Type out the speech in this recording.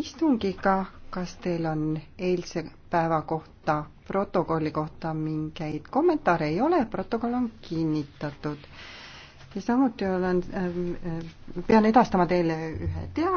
istungiga, kas teil on eilse päeva kohta, protokolli kohta mingeid kommentaare ei ole, protokoll on kinnitatud. ja samuti olen, ähm, äh, pean edastama teile ühe teada.